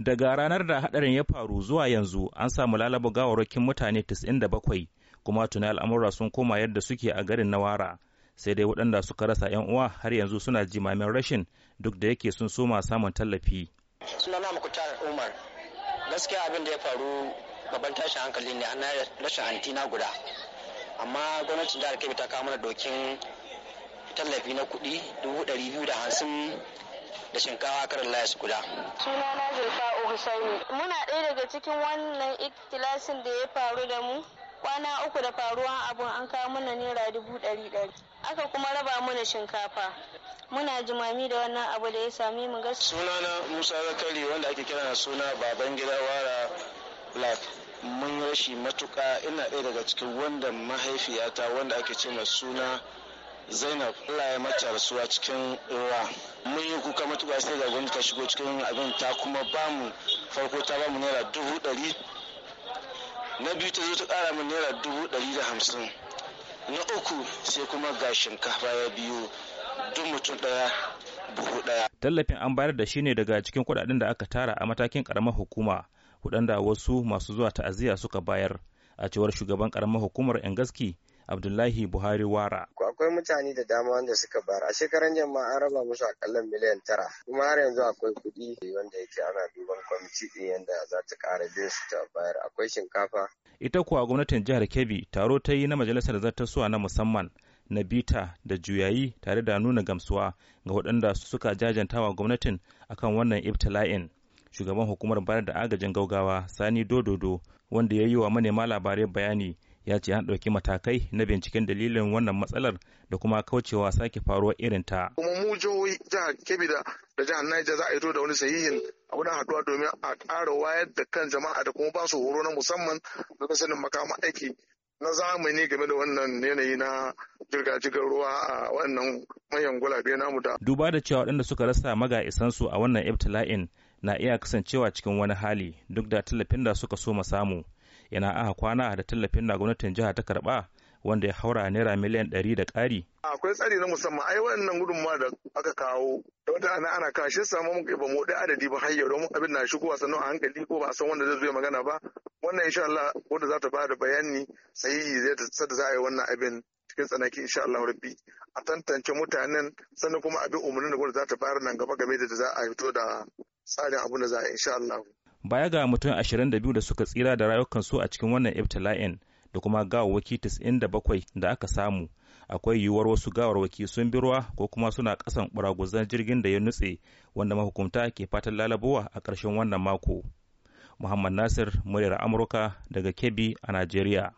daga ranar da hadarin ya faru zuwa yanzu an samu lalaba gawarwakin mutane 97 kuma tuni al'amura sun koma yadda suke a garin nawara sai dai waɗanda suka rasa 'yan uwa har yanzu suna jimamin rashin duk da yake sun soma samun tallafi sunana mukutar umar gaskiya abin da ya faru babban tashin hankali ne an rashin antina guda amma gwamnatin da kebbi ta kawo mana dokin tallafi na kuɗi dubu ɗari biyu da hamsin da shinkawa karin laya su guda. Sunana Zulfa Husaini. Muna ɗaya daga cikin wannan ikilasin da ya faru da mu. Kwana uku da faruwan abun an kawo mana naira dubu ɗari ɗari. Aka kuma raba mana shinkafa. Muna jimami da wannan abu da ya sami mu Suna Sunana Musa Zakari wanda ake kira suna baban gida wara Black. Mun rashi matuƙa ina ɗaya daga cikin wanda mahaifiyata wanda ake ce suna zainab allah ya mata rasuwa cikin ruwa mun yi kuka matuƙa sai ga gwamnati ta shigo cikin abin ta kuma bamu farko ta bamu naira dubu ɗari na biyu ta zo ta ƙara mu naira dubu ɗari da hamsin na uku sai kuma ga shinkafa ya biyu duk mutum ɗaya buhu ɗaya. tallafin an bayar da shi ne daga cikin kuɗaɗen da aka tara a matakin ƙaramar hukuma da wasu masu zuwa ta'aziyya suka bayar a cewar shugaban ƙaramar hukumar 'yan gaski Abdullahi Buhari Wara. Akwai mutane da dama wanda suka bar a shekaran jama'a an raba musu akalla miliyan tara kuma har yanzu akwai kuɗi wanda yake ana duban kwamiti ɗin yadda za ta ƙara bin su ta bayar akwai shinkafa. Ita kuwa gwamnatin jihar Kebbi taro ta yi na majalisar zartaswa na musamman na bita da juyayi tare da nuna gamsuwa ga waɗanda suka jajantawa gwamnatin akan wannan ibtila'in. Shugaban hukumar bayar da agajin gaugawa Sani Dododo wanda ya yi wa manema labarai bayani ya ce an ɗauki matakai na binciken dalilin wannan matsalar da kuma kaucewa sake faruwar ta. Kuma mu jihohi jihar Kebbi da jihar Niger za a yi da wani sahihin a haɗuwa domin a ƙara wayar da kan jama'a da kuma ba su horo na musamman na sanin makama aiki na zamani game da wannan yanayi na jirga-jirgar ruwa a wannan manyan gulabe namu da. Duba da cewa waɗanda suka rasa maga isansu a wannan ibtila'in na iya kasancewa cikin wani hali duk da tallafin da suka so mu samu. yana aka kwana da tallafin na gwamnatin jiha ta karba wanda ya haura naira miliyan ɗari da ƙari. Akwai tsari na musamman ai wannan gudunmawa da aka kawo da wata ana ana kashe samu muka ba mu adadi ba har yau domin abin na shigo a hankali ko ba a san wanda zai zo magana ba wannan insha Allah wanda za ta bada bayani sahihi zai ta za a yi wannan abin cikin tsanaki insha Allah rabbi a tantance mutanen sannan kuma abin umarnin da gwamnati za ta bayar nan gaba game da za a fito da tsarin abin da za a insha Allah. baya ga mutum 22 da suka tsira da rayukansu a cikin wannan ibtila'in da kuma gawawwaki 97 da aka samu akwai yiwuwar wasu gawarwaki sun bi ruwa ko kuma suna kasan buraguzan jirgin da ya nutse wanda mahukunta ke fatan lalabuwa a ƙarshen wannan mako muhammad nasir muryar amurka daga kebbi a najeriya